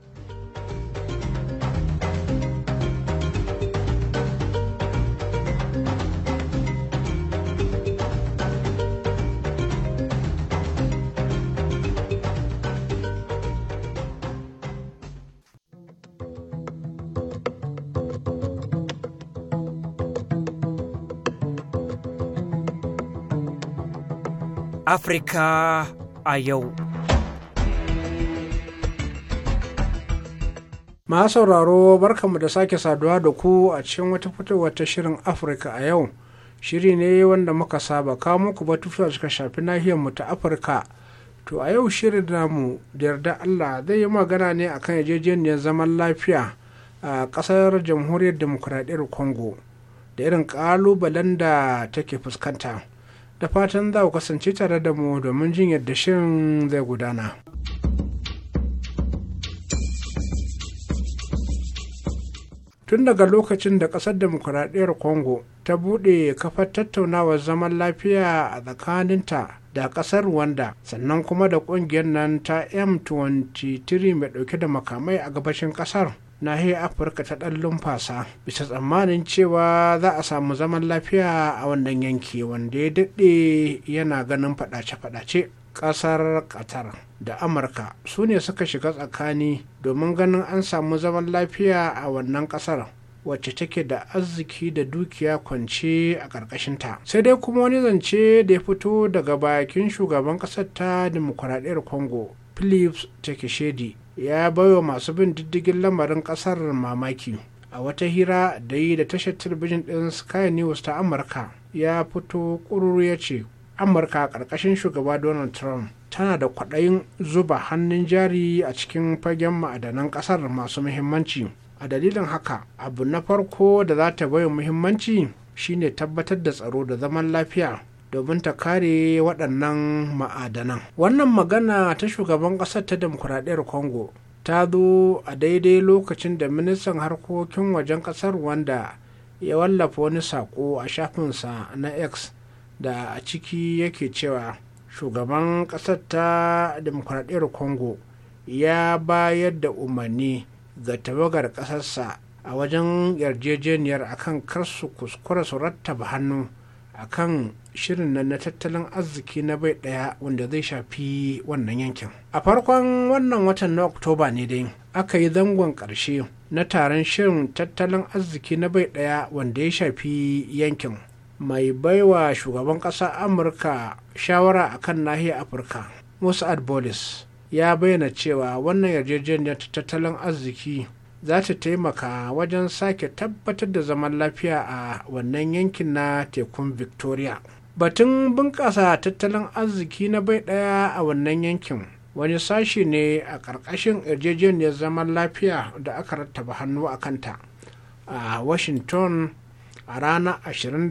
Afirka a yau. Ma sauraro da sake saduwa da ku a cikin wata fitowar ta shirin Afirka a yau. Shiri ne wanda muka saba kawo muku batutuwa suka shafi mu ta Afirka. To a yau shirin namu da yarda Allah zai yi magana ne akan yajejeniyar zaman lafiya a ƙasar jamhuriyar demokuraɗiyar Congo da irin ƙalubalen da take fuskanta. da fatan za ku kasance tare da mu domin jin yadda shirin zai gudana. Tun daga lokacin da ƙasar demokuraɗiyar Congo ta buɗe kafar tattaunawar zaman lafiya a tsakaninta da ƙasar Rwanda sannan kuma da ƙungiyar nan ta M23 mai ɗauke da makamai a gabashin ƙasar. nahiyar afirka ta ɗan lumfasa bisa tsammanin cewa za a samu zaman lafiya a wannan yanki wanda ya daɗe yana ganin faɗace-faɗace ƙasar qatar da amurka su ne suka shiga tsakani domin ganin an samu zaman lafiya a wannan ƙasar wacce take da arziki da dukiya kwance a ƙarƙashinta sai dai kuma wani zance da ya fito daga bakin shugaban ƙasar ta dimokuraɗiyar congo philips shedi ya baiwa masu bin diddigin lamarin kasar mamaki a wata hira da yi da tashar talabijin ɗin sky news ta amurka ya fito kururu ya ce amurka ƙarƙashin shugaba donald trump tana da kwaɗayin zuba hannun jari a cikin fagen ma'adanan ƙasar masu muhimmanci a dalilin haka abu na farko da za ta baiwa muhimmanci shine tabbatar da tsaro da zaman lafiya domin ta kare waɗannan ma'adanan wannan magana ta shugaban ƙasar ta demokuraɗiyar congo ta zo a daidai lokacin da ministan harkokin wajen ƙasar wanda ya wallafa wani saƙo a shafinsa na x da a ciki yake cewa shugaban ƙasar ta demokuraɗiyar congo ya bayar da umarni ga tawagar ƙasarsa a wajen yarjejeniyar akan kar su kuskura su rattaba hannu akan shirin nan na tattalin arziki na bai daya wanda zai shafi wannan yankin a farkon wannan watan na oktoba ne dai aka yi zangon ƙarshe na taron shirin tattalin arziki na bai daya wanda ya shafi yankin mai baiwa shugaban ƙasa amurka shawara a kan nahiyar afirka musa bolis ya bayyana cewa wannan yarjejeniyar tattalin arziki za ta taimaka wajen sake tabbatar da zaman lafiya a wannan yankin na tekun victoria batun bunƙasa tattalin arziki na bai ɗaya a wannan yankin wani sashi ne a ƙarƙashin yarjejeniyar zaman lafiya da aka rattaba hannu a kanta a washington a ranar 27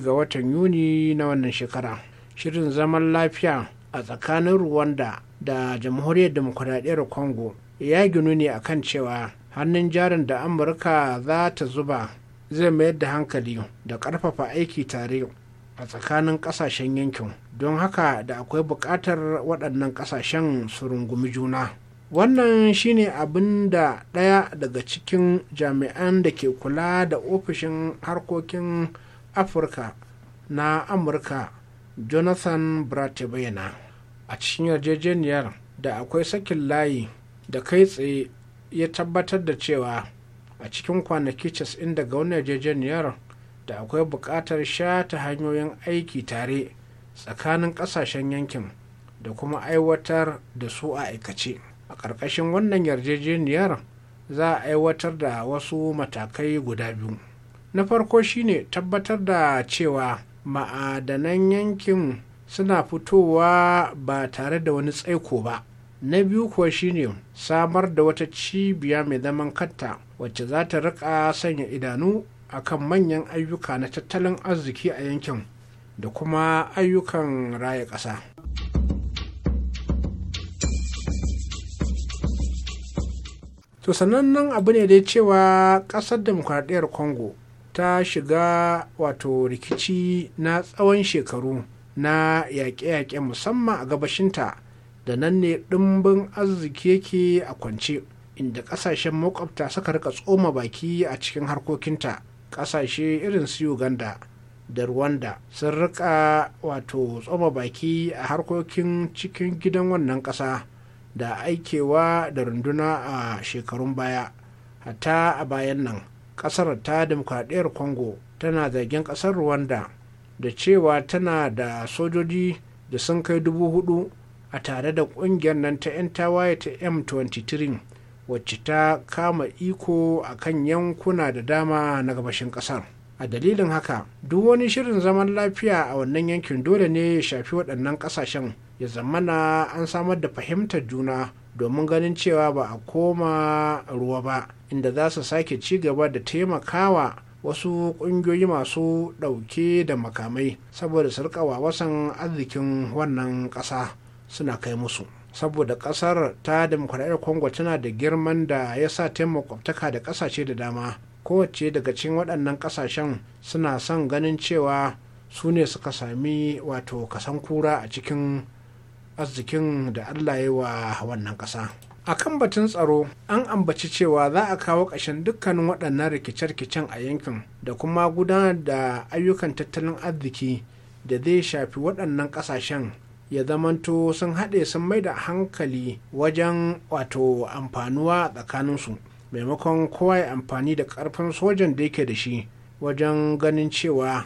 ga watan yuni na wannan shekara shirin zaman lafiya a tsakanin rwanda da jamhuriyar demokuraɗiyar congo ya ginu ne akan cewa hannun jarin da amurka za ta zuba zai mayar da hankali da ƙarfafa aiki tare a tsakanin ƙasashen yankin don haka da akwai buƙatar waɗannan ƙasashen su rungumi juna wannan shine abin da ɗaya daga cikin jami'an da ke kula da ofishin harkokin afirka na amurka jonathan bratabayana a cikin yarjejeniyar da akwai sakin layi da kai tsaye ya tabbatar da cewa a cikin kwanaki da daga wannan yarjejeniyar da akwai buƙatar ta hanyoyin aiki tare tsakanin ƙasashen yankin da kuma aiwatar da su a aikace a ƙarƙashin wannan yarjejeniyar za a aiwatar da wasu matakai guda biyu na farko shine tabbatar da cewa ma'adanan yankin suna fitowa ba tare da wani tsaiko ba na biyu kuwa shine samar da wata cibiya mai zaman kanta wacce za ta rika sanya idanu akan manyan ayyuka na tattalin arziki a yankin da kuma ayyukan raya ƙasa to sanannen abu ne dai cewa ƙasar demokuraɗiyar congo ta shiga wato rikici na tsawon shekaru na yaƙe-yaƙe musamman a gabashinta da nan ne ɗimbin arziki yake a kwance inda ƙasashen makwabta suka rika tsoma baki a cikin harkokinta ƙasashe irin su uganda da rwanda sun rika wato tsoma baki a harkokin cikin gidan wannan ƙasa da aikewa da runduna a shekarun baya hatta a bayan nan ƙasar ta demokradiyyar congo tana zagen ƙasar rwanda da cewa tana da sojoji da sun kai dubu hudu a tare da kungiyar nan ta 'yan tawaye ta m23 wacce ta kama iko a kan yankuna da dama na gabashin kasar a dalilin haka duk wani shirin zaman lafiya a wannan yankin dole ne ya shafi waɗannan ƙasashen ya zamana an samar da fahimtar juna domin ganin cewa ba a koma ruwa ba inda za su sake ci gaba da taimakawa wasu ƙungiyoyi masu ɗauke da makamai saboda sarƙawa wasan arzikin wannan ƙasa suna kai musu saboda kasar ta demokuraɗiyar congo tana da girman da ya sa taimakwabtaka da ƙasashe da dama kowace daga cikin waɗannan ƙasashen suna son ganin cewa su ne suka sami wato kasan kura a cikin arzikin da allah ya wa wannan ƙasa a kan batun tsaro an ambaci cewa za a kawo ƙashin dukkanin waɗannan rikice-rikicen a yankin da kuma gudanar da ayyukan tattalin arziki da zai shafi waɗannan ƙasashen ya zamanto sun haɗe sun mai da hankali wajen wato amfanuwa tsakaninsu maimakon kowa ya amfani da ƙarfin sojan da yake da shi wajen ganin cewa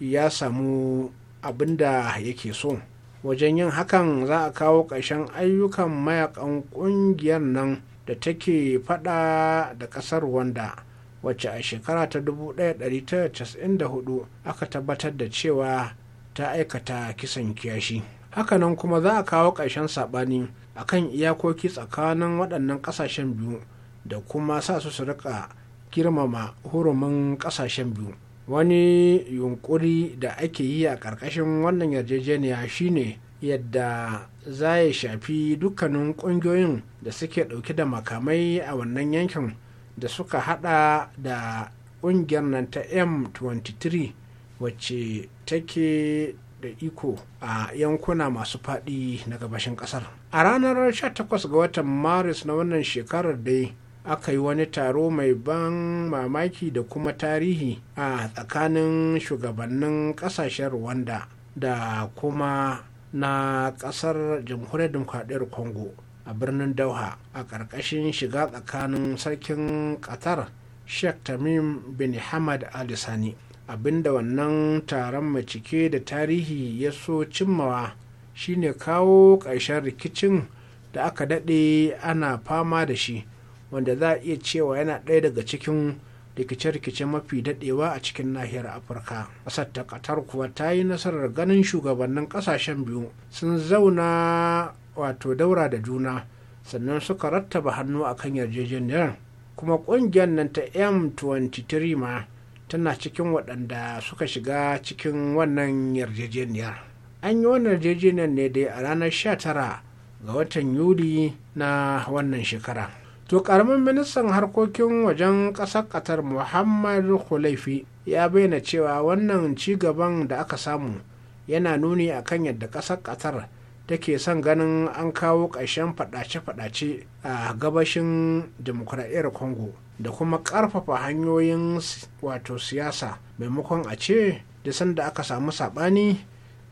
ya samu abin da yake so wajen yin hakan za a kawo ƙarshen ayyukan mayakan ƙungiyar nan da take fada da ƙasar wanda wacce a shekara ta 1994 aka tabbatar da cewa ta aikata kisan kiyashi. hakanan kuma za a kawo ƙarshen saɓani a kan iyakoki tsakanin waɗannan ƙasashen biyu da kuma sa su su rika girmama hurumin ƙasashen biyu wani yunƙuri da ake yi a ƙarƙashin wannan yarjejeniya shine yadda za ya shafi dukkanin ƙungiyoyin da suke ɗauke da makamai a wannan yankin da suka haɗa da ƙungiyar nan ta m23 wacce take da iko a yankuna masu faɗi na gabashin ƙasar a ranar 18 ga watan maris na wannan shekarar dai aka yi wani taro mai ban mamaki da kuma tarihi a tsakanin shugabannin ƙasashen rwanda da kuma na ƙasar jamhuriyar demokradiyyar congo a birnin dauha a ƙarƙashin shiga tsakanin sarkin qatar sheikh tamim bin hamad al-sani abinda wannan taron mai cike da tarihi ya so cimmawa shine kawo ƙarshen rikicin da aka daɗe ana fama da shi wanda za a iya cewa yana ɗaya daga cikin rikice-rikice mafi daɗewa a cikin nahiyar afirka ƙasar ta ƙatar kuwa ta yi nasarar ganin shugabannin ƙasashen biyu sun zauna wato daura da juna sannan suka rattaba hannu a kan yarjejeniyar kuma ƙungiyar nan ta m23 ma tana cikin waɗanda suka shiga cikin wannan yarjejeniyar an yi wannan yarjejeniyar ne dai a ranar sha tara ga watan yuli na wannan shekara to ƙaramin ministan harkokin wajen ƙasar ƙatar muhammad khulaifi ya bayyana cewa wannan ci gaban da aka samu yana nuni a kan yadda ƙasar ƙatar take son ganin an kawo ƙarshen faɗace-faɗace a gabashin demokuraɗiyar congo da kuma ƙarfafa hanyoyin wato siyasa maimakon a ce da sanda aka samu saɓani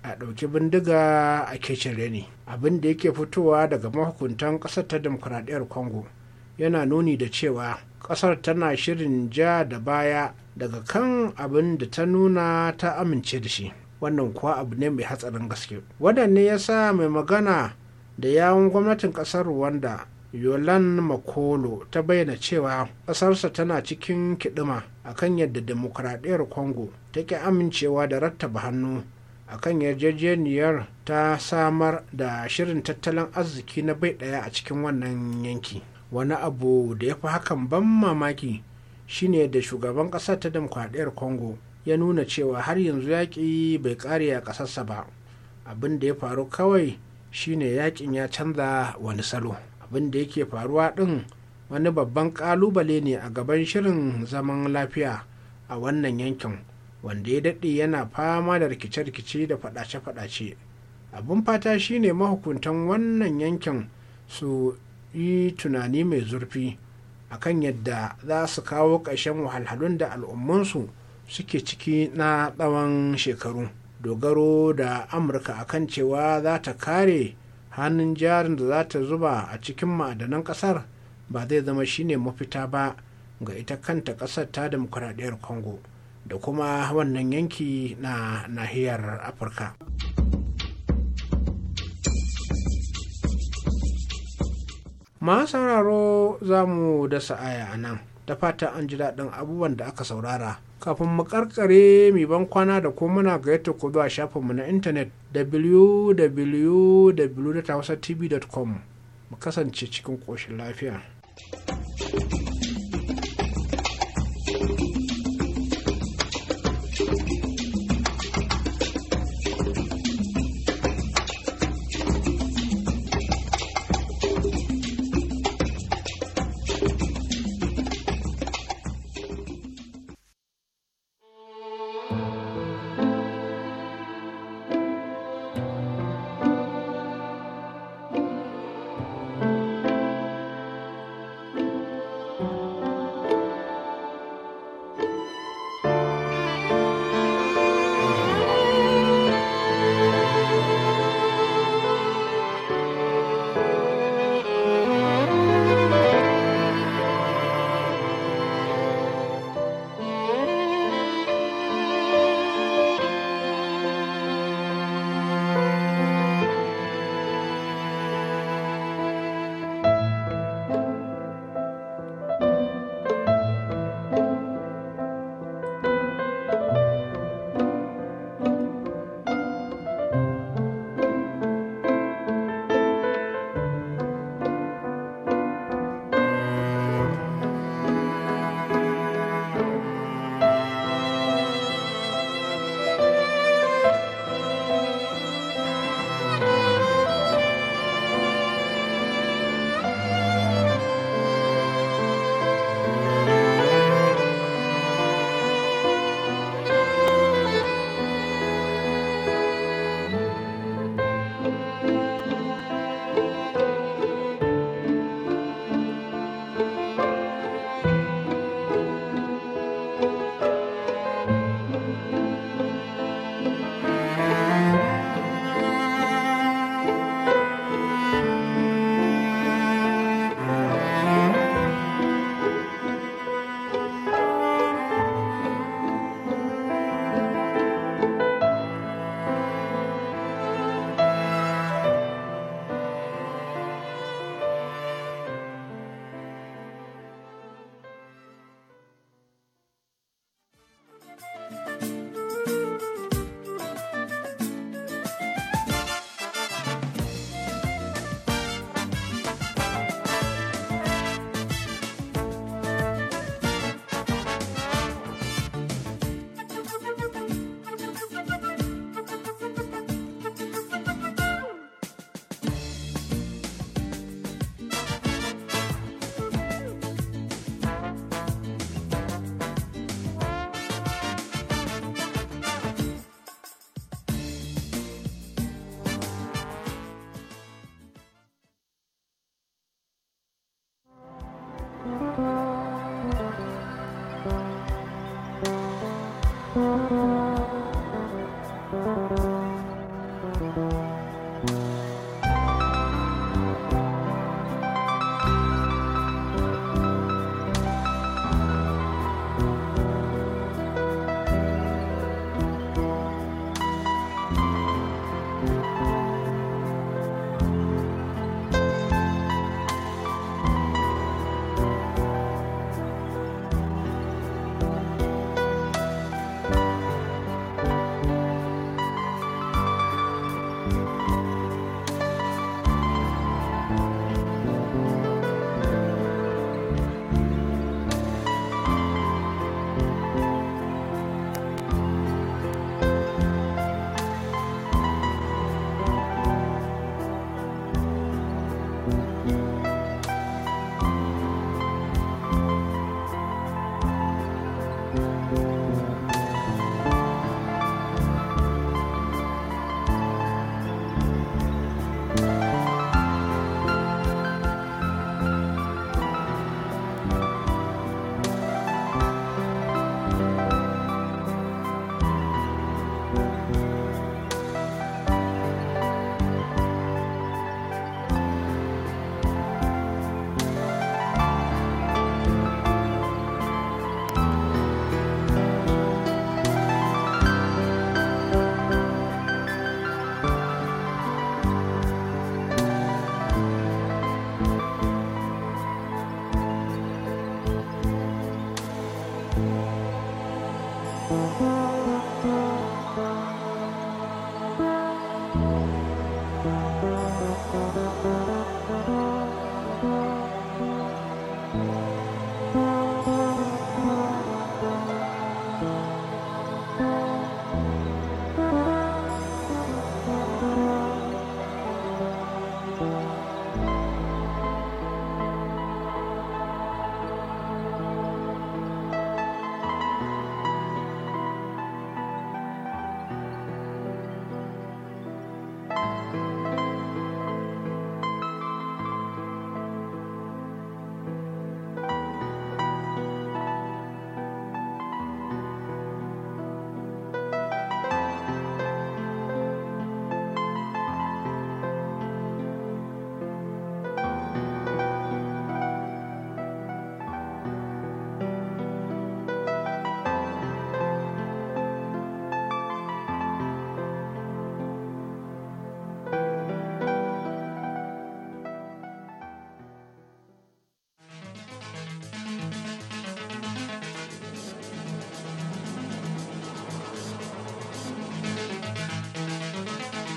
a ɗauki bindiga a kecin reni abin da yake fitowa daga mahukuntan ƙasar ta demokuraɗiyar congo yana nuni da cewa ƙasar tana shirin ja da baya daga kan abin da ta nuna ta amince da shi wannan kuwa abu ne mai hatsarin gaske wadanne ya sa mai magana da yawun gwamnatin ƙasar rwanda yolan makolo ta bayyana cewa ƙasarsa tana cikin kiɗima akan yadda demokradiyyar congo ta ƙi amincewa da rattaba hannu akan yarjejeniyar ta samar da shirin tattalin arziki na bai ɗaya a cikin wannan yanki wani abu da ya fi hakan ban mamaki shine da shugaban ƙasa ta demokradiyyar congo ya nuna cewa har yanzu yaƙi bai ƙare a ƙasarsa ba abin da ya faru kawai shine yaƙin ya canza wani salo abin da yake faruwa ɗin wani babban ƙalubale ne a gaban shirin zaman lafiya a wannan yankin wanda ya daɗe yana fama da rikice-rikice da faɗace-faɗace abin fata shine mahukuntan wannan yankin su yi tunani mai zurfi akan yadda za su kawo ƙarshen wahalhalun da al'ummansu suke ciki na tsawon shekaru dogaro da amurka akan cewa za ta kare hannun jarin da za ta zuba a cikin ma'adanan kasar ba zai zama shine mafita ba ga ita kanta kasar ta demokuraɗiyar congo da kuma wannan yanki na nahiyar afirka ma sauraro za mu dasa aya a nan da fata an ji daɗin abubuwan da aka saurara kafin mu karkare mai ban kwana da ko muna gayyata ku zuwa shafinmu na intanet www.hausatv.com mu kasance cikin ƙoshin lafiya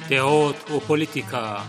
דעות ופוליטיקה